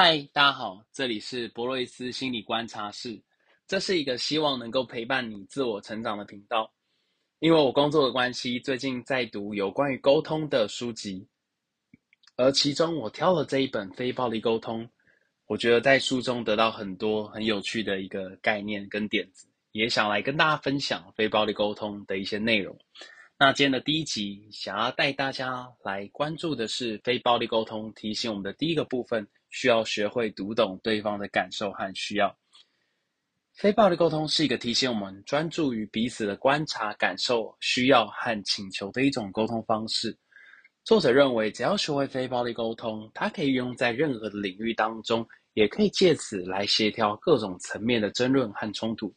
嗨，大家好，這裡是柏瑞斯心理觀察室。這是一個希望能夠陪伴你自我成長的頻道。因為我工作的關係，最近在讀有關於溝通的書籍，而其中我挑了這一本《非暴力溝通》。我覺得在書中得到很多很有趣的一個概念跟點子，也想來跟大家分享非暴力溝通的一些內容。那今天的第一集，想要帶大家來關注的是非暴力溝通提醒我們的第一個部分，需要學會讀懂對方的感受和需要。非暴力溝通是一個提醒我們專注於彼此的觀察、感受、需要和請求的一種溝通方式。作者認為，只要學會非暴力溝通，它可以運用在任何的領域當中，也可以借此來協調各種層面的爭論和衝突。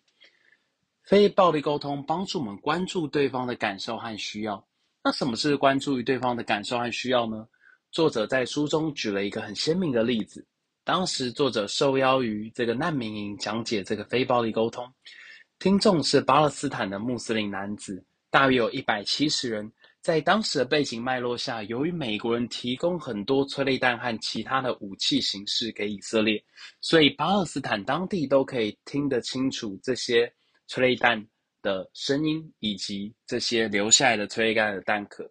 非暴力溝通幫助我們關注對方的感受和需要。那什麼是關注於對方的感受和需要呢？作者在書中舉了一個很鮮明的例子。當時作者受邀於這個難民營講解這個非暴力溝通，聽眾是巴勒斯坦的穆斯林男子，大約有一百七十人。在當時的背景脈絡下，由於美國人提供很多催淚彈和其他的武器形式給以色列，所以巴勒斯坦當地都可以聽得清楚這些催淚彈的聲音，以及這些留下來的催淚彈的彈殼。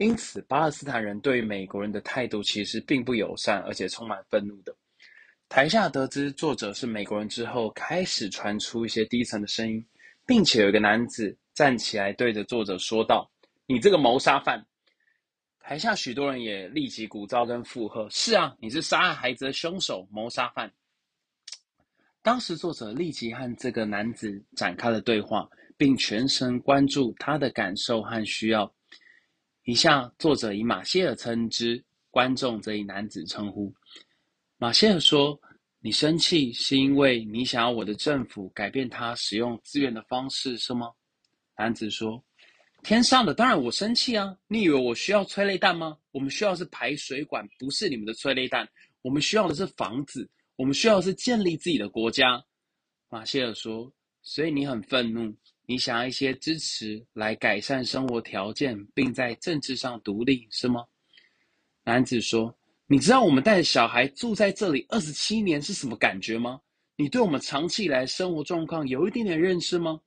因此，巴勒斯坦人對美國人的態度其實並不友善，而且充滿憤怒的。台下得知作者是美國人之後，開始傳出一些低沉的聲音，並且有一個男子站起來對着作者說道：“你這個謀殺犯！”台下許多人也立即鼓噪跟附和：“是啊，你是殺害孩子的兇手，謀殺犯！”當時作者立即和這個男子展開了對話，並全神關注他的感受和需要。以下作者以馬歇爾稱之，觀眾則以男子稱呼。馬歇爾說：“你生氣是因為你想要我的政府改變他使用資源的方式，是嗎？”男子說：“天上的，當然我生氣啊！你以為我需要催淚彈嗎？我們需要的是排水管，不是你們的催淚彈。我們需要的是房子，我們需要的是建立自己的國家。”馬歇爾說：“所以你很憤怒。”你想要一些支持來改善生活條件，並在政治上獨立，是嗎？男子說：“你知道我們帶著小孩住在這裡二十七年是什麼感覺嗎？你對我們長期以來生活狀況有一點點認識嗎？”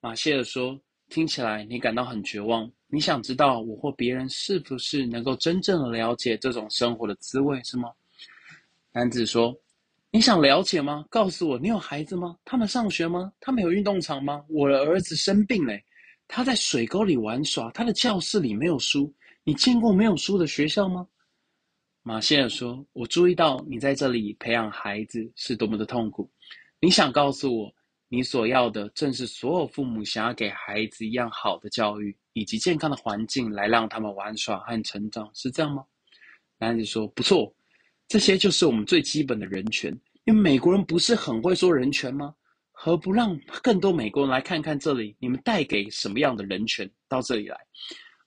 馬歇爾說：“聽起來你感到很絕望。你想知道我或別人是不是能夠真正的了解這種生活的滋味，是嗎？”男子說。你想了解嗎？告訴我，你有孩子嗎？他們上學嗎？他們有運動場嗎？我的兒子生病了，他在水溝裡玩耍。他的教室裡沒有書。你見過沒有書的學校嗎？馬歇爾說：“我注意到你在這裡培養孩子是多麼的痛苦。你想告訴我，你所要的正是所有父母想要給孩子一樣好的教育以及健康的環境來讓他們玩耍和成長，是這樣嗎？”男子說：“不錯。”這些就是我們最基本的人權。因為美國人不是很會說人權嗎？何不讓更多美國人來看看這裡，你們帶給什麼樣的人權到這裡來？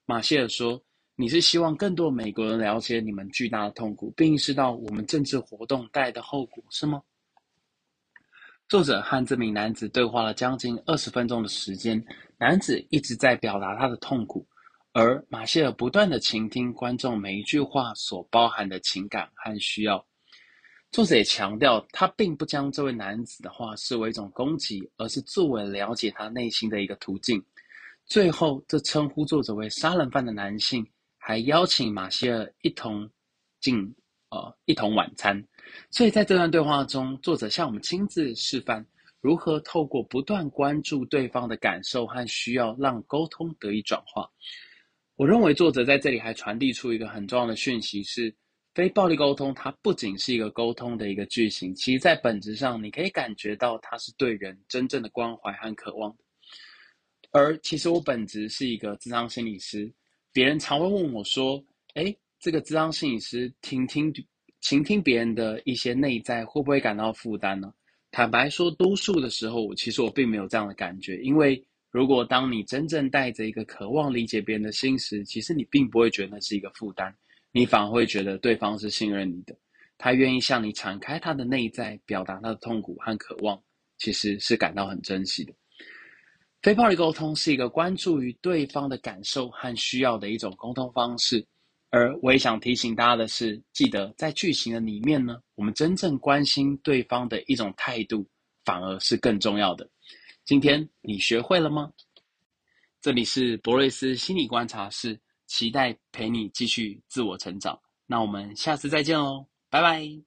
馬歇爾說：“你是希望更多美國人了解你們巨大的痛苦，並意識到我們政治活動帶來的後果，是嗎？”作者和這名男子對話了將近二十分鐘的時間，男子一直在表達他的痛苦。而馬歇爾不斷的傾聽觀眾每一句話所包含的情感和需要，作者也強調，他並不將這位男子的話視為一種攻擊，而是作為了解他內心的一個途徑。最後，這稱呼作者為殺人犯的男性還邀請馬歇爾一同進、呃、一同晚餐。所以，在這段對話中，作者向我們親自示範如何透過不斷關注對方的感受和需要，讓溝通得以轉化。我認為作者在這裡還傳遞出一個很重要的訊息：是非暴力溝通，它不僅是一個溝通的一個句型，其實在本質上，你可以感覺到它是對人真正的關懷和渴望。而其實我本質是一個諮商心理師，別人常會問我說：“哎，這個諮商心理師，傾聽傾聽別人的一些內在，會不會感到負擔呢？”坦白說，多數的時候，我其實我並沒有這樣的感覺，因為。如果當你真正帶着一個渴望理解別人的心時，其實你並不會覺得那是一個負擔，你反而會覺得對方是信任你的，他願意向你敞開他的內在，表達他的痛苦和渴望，其實是感到很珍惜的。非暴力溝通是一個關注於對方的感受和需要的一種溝通方式，而我也想提醒大家的是，記得在劇情的裡面呢，我們真正關心對方的一種態度，反而是更重要的。今天你學會了嗎？這裡是柏瑞斯心理觀察室，期待陪你繼續自我成長。那我們下次再見嘍，拜拜。